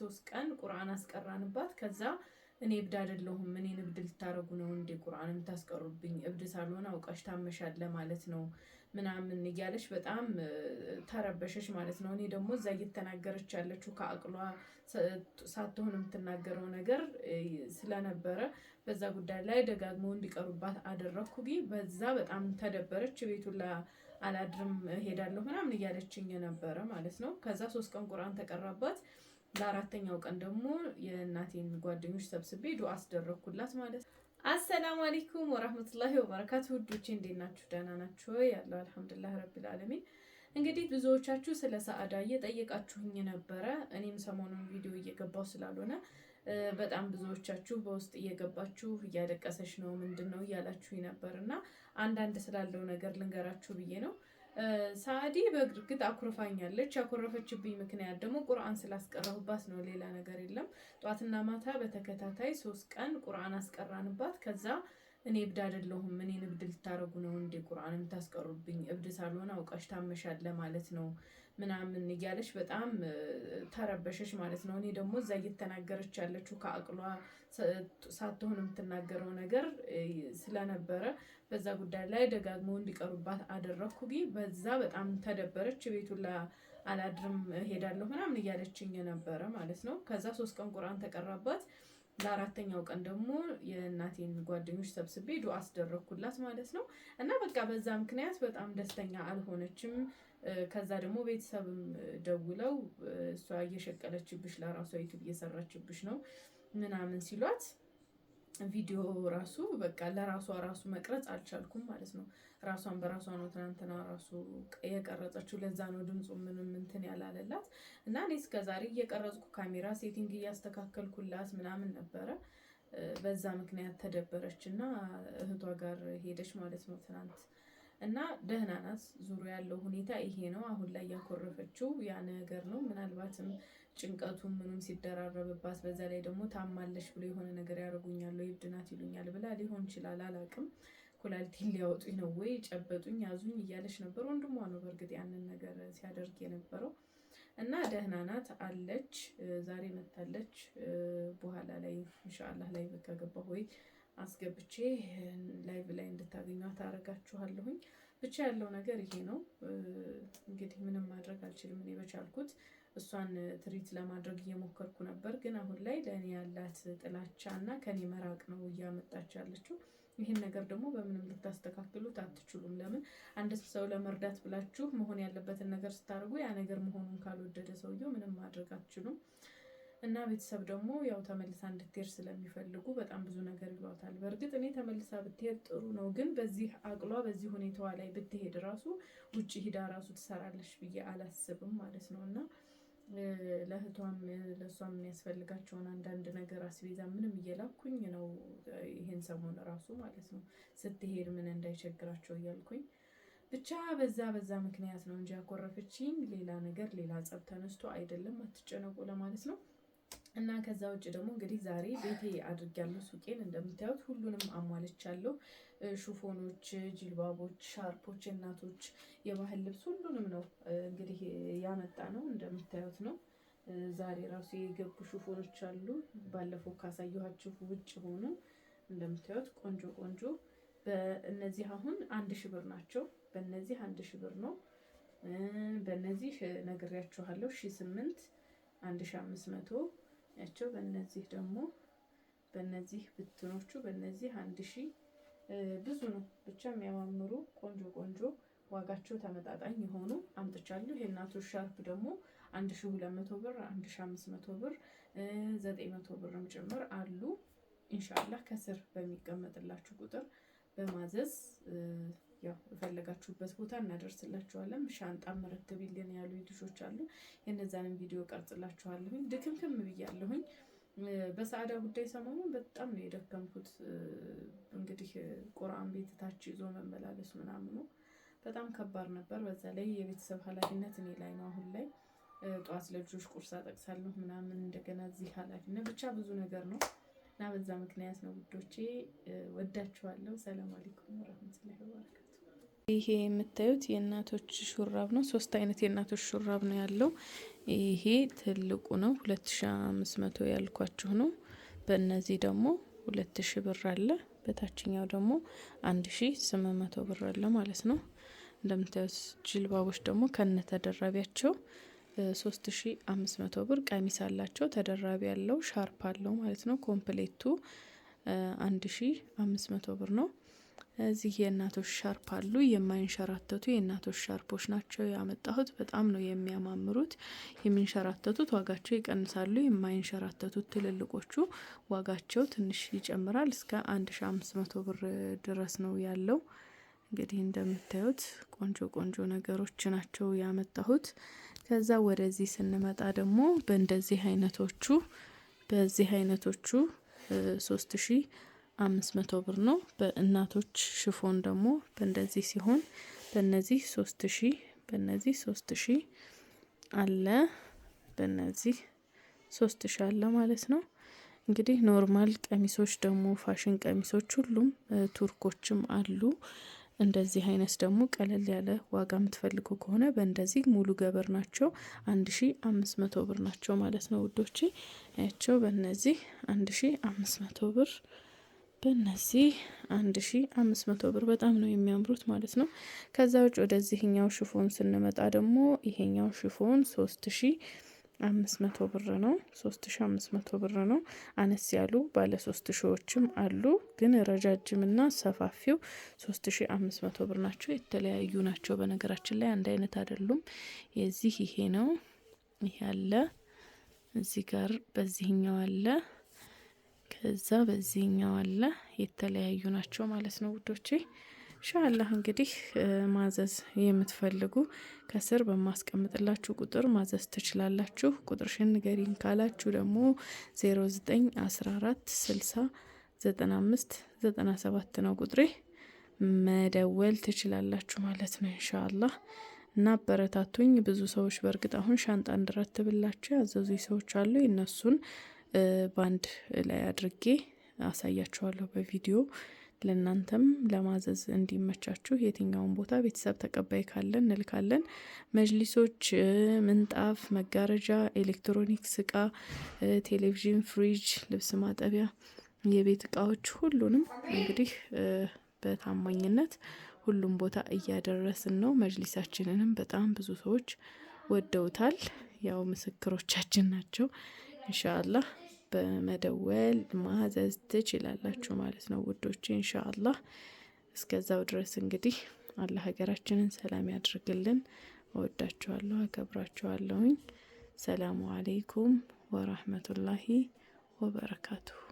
ሶስት ቀን ቁርአን አስቀራንባት። ከዛ እኔ እብድ አይደለሁም እኔን እብድ ልታረጉ ነው እንዴ ቁርአን የምታስቀሩብኝ? እብድ ሳልሆን አውቃሽ ታመሻለ ማለት ነው ምናምን እያለች በጣም ተረበሸች ማለት ነው። እኔ ደግሞ እዛ እየተናገረች ያለችው ከአቅሏ ሳትሆን የምትናገረው ነገር ስለነበረ በዛ ጉዳይ ላይ ደጋግሞ እንዲቀሩባት አደረግኩ። በዛ በጣም ተደበረች። ቤቱን አላድርም ሄዳለሁ ምናምን እያለችኝ ነበረ ማለት ነው። ከዛ ሶስት ቀን ቁርአን ተቀራባት። ለአራተኛው ቀን ደግሞ የእናቴን ጓደኞች ሰብስቤ ዱዓ አስደረግኩላት ማለት ነው። አሰላሙ አለይኩም ወራህመቱላሂ ወበረካቱ። ውዶቼ እንዴት ናችሁ? ደህና ናችሁ ያለው አልሐምዱሊላህ ረቢል ዓለሚን። እንግዲህ ብዙዎቻችሁ ስለ ሰአዳ እየጠየቃችሁኝ ነበረ። እኔም ሰሞኑን ቪዲዮ እየገባው ስላልሆነ በጣም ብዙዎቻችሁ በውስጥ እየገባችሁ እያለቀሰች ነው ምንድን ነው እያላችሁኝ ነበር እና አንዳንድ ስላለው ነገር ልንገራችሁ ብዬ ነው ሳዕዲ በእርግጥ አኩርፋኛለች። ያኮረፈችብኝ ምክንያት ደግሞ ቁርአን ስላስቀረሁባት ነው፣ ሌላ ነገር የለም። ጧትና ማታ በተከታታይ ሶስት ቀን ቁርአን አስቀራንባት ከዛ እኔ እብድ አይደለሁም። እኔን እብድ ልታረጉ ነው እንዴ? ቁርአን ታስቀሩብኝ? እብድ ሳልሆን አውቃሽ ለ ማለት ነው ምናምን እያለች በጣም ተረበሸች ማለት ነው። እኔ ደግሞ እዛ እየተናገረች ያለችው ከአቅሏ ሳትሆን የምትናገረው ነገር ስለነበረ በዛ ጉዳይ ላይ ደጋግሞ እንዲቀሩባት አደረግኩ። በዛ በጣም ተደበረች። ቤቱ አላድርም ሄዳለሁ ምናምን እያለችኝ ነበረ ማለት ነው። ከዛ ሶስት ቀን ቁርአን ተቀራባት። ለአራተኛው ቀን ደግሞ የእናቴን ጓደኞች ሰብስቤ ዱዓ አስደረግኩላት ማለት ነው። እና በቃ በዛ ምክንያት በጣም ደስተኛ አልሆነችም። ከዛ ደግሞ ቤተሰብም ደውለው እሷ እየሸቀለችብሽ ለራሷ ዩቱብ እየሰራችብሽ ነው ምናምን ሲሏት ቪዲዮ ራሱ በቃ ለራሷ ራሱ መቅረጽ አልቻልኩም ማለት ነው። ራሷን በራሷ ነው ትናንትና ራሱ የቀረጸችው። ለዛ ነው ድምፁ ምንም እንትን ያላለላት እና እኔ ዛሬ እየቀረጽኩ ካሜራ ሴቲንግ እያስተካከልኩላት ምናምን ነበረ። በዛ ምክንያት ተደበረች እና እህቷ ጋር ሄደች ማለት ነው ትናንት እና ደህና ናት። ያለው ሁኔታ ይሄ ነው። አሁን ላይ ያኮረፈችው ያ ነገር ነው። ምናልባትም ጭንቀቱ ምኑም ሲደራረብባት፣ በዛ ላይ ደግሞ ታማለች ብሎ የሆነ ነገር ያደርጉ ናት ይሉኛል ብላ ሊሆን ይችላል አላቅም። ኩላሊቴን ሊያወጡኝ ነው ወይ ጨበጡኝ፣ ያዙኝ እያለች ነበር። ወንድሟ ነው በእርግጥ ያንን ነገር ሲያደርግ የነበረው እና ደህና ናት አለች። ዛሬ መታለች። በኋላ ላይ ኢንሻአላህ ላይ ከገባሁ ወይ አስገብቼ ላይቭ ላይ እንድታገኟት አደርጋችኋለሁኝ። ብቻ ያለው ነገር ይሄ ነው። እንግዲህ ምንም ማድረግ አልችልም እኔ በቻልኩት እሷን ትሪት ለማድረግ እየሞከርኩ ነበር። ግን አሁን ላይ ለእኔ ያላት ጥላቻ እና ከኔ መራቅ ነው እያመጣች ያለችው። ይህን ነገር ደግሞ በምንም ልታስተካክሉት አትችሉም። ለምን አንድ ሰው ለመርዳት ብላችሁ መሆን ያለበትን ነገር ስታደርጉ ያ ነገር መሆኑን ካልወደደ ሰውየው ምንም ማድረግ አትችሉም። እና ቤተሰብ ደግሞ ያው ተመልሳ እንድትሄድ ስለሚፈልጉ በጣም ብዙ ነገር ይሏታል። በእርግጥ እኔ ተመልሳ ብትሄድ ጥሩ ነው፣ ግን በዚህ አቅሏ በዚህ ሁኔታዋ ላይ ብትሄድ ራሱ ውጭ ሂዳ ራሱ ትሰራለች ብዬ አላስብም ማለት ነው እና ለእህቷም ለእሷም የሚያስፈልጋቸውን አንዳንድ ነገር አስቤዛ ምንም እየላኩኝ ነው። ይህን ሰሞን እራሱ ማለት ነው ስትሄድ ምን እንዳይቸግራቸው እያልኩኝ ብቻ በዛ በዛ ምክንያት ነው እንጂ ያኮረፈችኝ ሌላ ነገር ሌላ ጸብ ተነስቶ አይደለም። አትጨነቁ ለማለት ነው። እና ከዛ ውጭ ደግሞ እንግዲህ ዛሬ ቤቴ አድርጊያለሁ። ሱቄን እንደምታዩት ሁሉንም አሟልቻለሁ። ሹፎኖች፣ ጅልባቦች፣ ሻርፖች፣ እናቶች የባህል ልብስ ሁሉንም ነው እንግዲህ ያመጣ ነው እንደምታዩት ነው። ዛሬ ራሱ የገቡ ሹፎኖች አሉ። ባለፈው ካሳየኋችሁ ውጭ ሆኑ እንደምታዩት ቆንጆ ቆንጆ። በእነዚህ አሁን አንድ ሺ ብር ናቸው። በእነዚህ አንድ ሺ ብር ነው። በእነዚህ ነግሬያችኋለሁ ሺ ስምንት አንድ ሺ አምስት መቶ ያቸው በእነዚህ ደግሞ በእነዚህ ብትኖቹ በእነዚህ አንድ ሺ ብዙ ነው ብቻ የሚያማምሩ ቆንጆ ቆንጆ ዋጋቸው ተመጣጣኝ የሆኑ አምጥቻለሁ። የእናቱ ሻርፕ ደግሞ አንድ ሺ ሁለት መቶ ብር አንድ ሺ አምስት መቶ ብር ዘጠኝ መቶ ብርም ጭምር አሉ። ኢንሻላህ ከስር በሚቀመጥላችሁ ቁጥር በማዘዝ ያው የፈለጋችሁበት ቦታ እናደርስላችኋለን። ሻንጣም መረክብልን ያሉ ልጆች አሉ። የነዛንም ቪዲዮ ቀርጽላችኋለሁኝ። ድክምክም ብያለሁኝ። በሰአዳ ጉዳይ ሰሞኑን በጣም ነው የደከምኩት። እንግዲህ ቁርአን ቤት ታች ይዞ መመላለስ ምናምኑ በጣም ከባድ ነበር። በዛ ላይ የቤተሰብ ኃላፊነት እኔ ላይ ነው አሁን ላይ። ጠዋት ለልጆች ቁርስ አጠቅሳለሁ ምናምን፣ እንደገና እዚህ ኃላፊነት ብቻ ብዙ ነገር ነው እና በዛ ምክንያት ነው ውዶቼ፣ ወዳችኋለሁ። ሰላም አለይኩም ረመቱላ ይሄ የምታዩት የእናቶች ሹራብ ነው። ሶስት አይነት የእናቶች ሹራብ ነው ያለው። ይሄ ትልቁ ነው፣ ሁለት ሺ አምስት መቶ ያልኳችሁ ነው። በእነዚህ ደግሞ ሁለት ሺ ብር አለ። በታችኛው ደግሞ አንድ ሺ ስምንት መቶ ብር አለ ማለት ነው። እንደምታዩት ጅልባቦች ደግሞ ከነ ተደራቢያቸው ሶስት ሺ አምስት መቶ ብር። ቀሚስ አላቸው ተደራቢ ያለው ሻርፕ አለው ማለት ነው። ኮምፕሌቱ አንድ ሺ አምስት መቶ ብር ነው። እዚህ የእናቶች ሻርፕ አሉ። የማይንሸራተቱ የእናቶች ሻርፖች ናቸው ያመጣሁት። በጣም ነው የሚያማምሩት። የሚንሸራተቱት ዋጋቸው ይቀንሳሉ። የማይንሸራተቱት ትልልቆቹ ዋጋቸው ትንሽ ይጨምራል። እስከ አንድ ሺ አምስት መቶ ብር ድረስ ነው ያለው። እንግዲህ እንደምታዩት ቆንጆ ቆንጆ ነገሮች ናቸው ያመጣሁት። ከዛ ወደዚህ ስንመጣ ደግሞ በእንደዚህ አይነቶቹ በዚህ አይነቶቹ ሶስት ሺ አምስት መቶ ብር ነው። በእናቶች ሽፎን ደግሞ በእንደዚህ ሲሆን በእነዚህ ሶስት ሺ በእነዚህ ሶስት ሺ አለ በእነዚህ ሶስት ሺ አለ ማለት ነው። እንግዲህ ኖርማል ቀሚሶች ደግሞ ፋሽን ቀሚሶች ሁሉም ቱርኮችም አሉ። እንደዚህ አይነት ደግሞ ቀለል ያለ ዋጋ የምትፈልጉ ከሆነ በእንደዚህ ሙሉ ገበር ናቸው አንድ ሺ አምስት መቶ ብር ናቸው ማለት ነው ውዶቼ። ያቸው በእነዚህ አንድ ሺ አምስት መቶ ብር በእነዚህ አንድ ሺ አምስት መቶ ብር በጣም ነው የሚያምሩት ማለት ነው። ከዛ ውጭ ወደዚህኛው ሽፎን ስንመጣ ደግሞ ይሄኛው ሽፎን ሶስት ሺ አምስት መቶ ብር ነው። ሶስት ሺ አምስት መቶ ብር ነው። አነስ ያሉ ባለ ሶስት ሺዎችም አሉ፣ ግን ረጃጅምና ሰፋፊው ሶስት ሺ አምስት መቶ ብር ናቸው። የተለያዩ ናቸው በነገራችን ላይ አንድ አይነት አይደሉም። የዚህ ይሄ ነው። ይሄ አለ እዚህ ጋር በዚህኛው አለ እዛ በዚህኛው አለ የተለያዩ ናቸው ማለት ነው ውዶቼ። ኢንሻአላህ እንግዲህ ማዘዝ የምትፈልጉ ከስር በማስቀምጥላችሁ ቁጥር ማዘዝ ትችላላችሁ። ቁጥርሽን ንገሪኝ ካላችሁ ደግሞ 0914 97 ነው ቁጥሬ መደወል ትችላላችሁ ማለት ነው ኢንሻአላህ። እና አበረታቱኝ። ብዙ ሰዎች በእርግጥ አሁን ሻንጣ እንድረትብላቸው ያዘዙ ሰዎች አሉ። የእነሱን ባንድ ላይ አድርጌ አሳያችኋለሁ በቪዲዮ ለእናንተም ለማዘዝ እንዲመቻችሁ የትኛውን ቦታ ቤተሰብ ተቀባይ ካለን እንልካለን። መጅሊሶች፣ ምንጣፍ፣ መጋረጃ፣ ኤሌክትሮኒክስ እቃ፣ ቴሌቪዥን፣ ፍሪጅ፣ ልብስ ማጠቢያ፣ የቤት እቃዎች ሁሉንም እንግዲህ በታማኝነት ሁሉም ቦታ እያደረስን ነው። መጅሊሳችንንም በጣም ብዙ ሰዎች ወደውታል። ያው ምስክሮቻችን ናቸው። ኢንሻአላህ በመደወል ማዘዝ ትችላላችሁ ማለት ነው ውዶች። እንሻአላህ እስከዛው ድረስ እንግዲህ አላህ ሀገራችንን ሰላም ያድርግልን። እወዳችኋለሁ፣ አከብራችኋለሁኝ። ሰላሙ አሌይኩም ወራህመቱላሂ ወበረካቱሁ።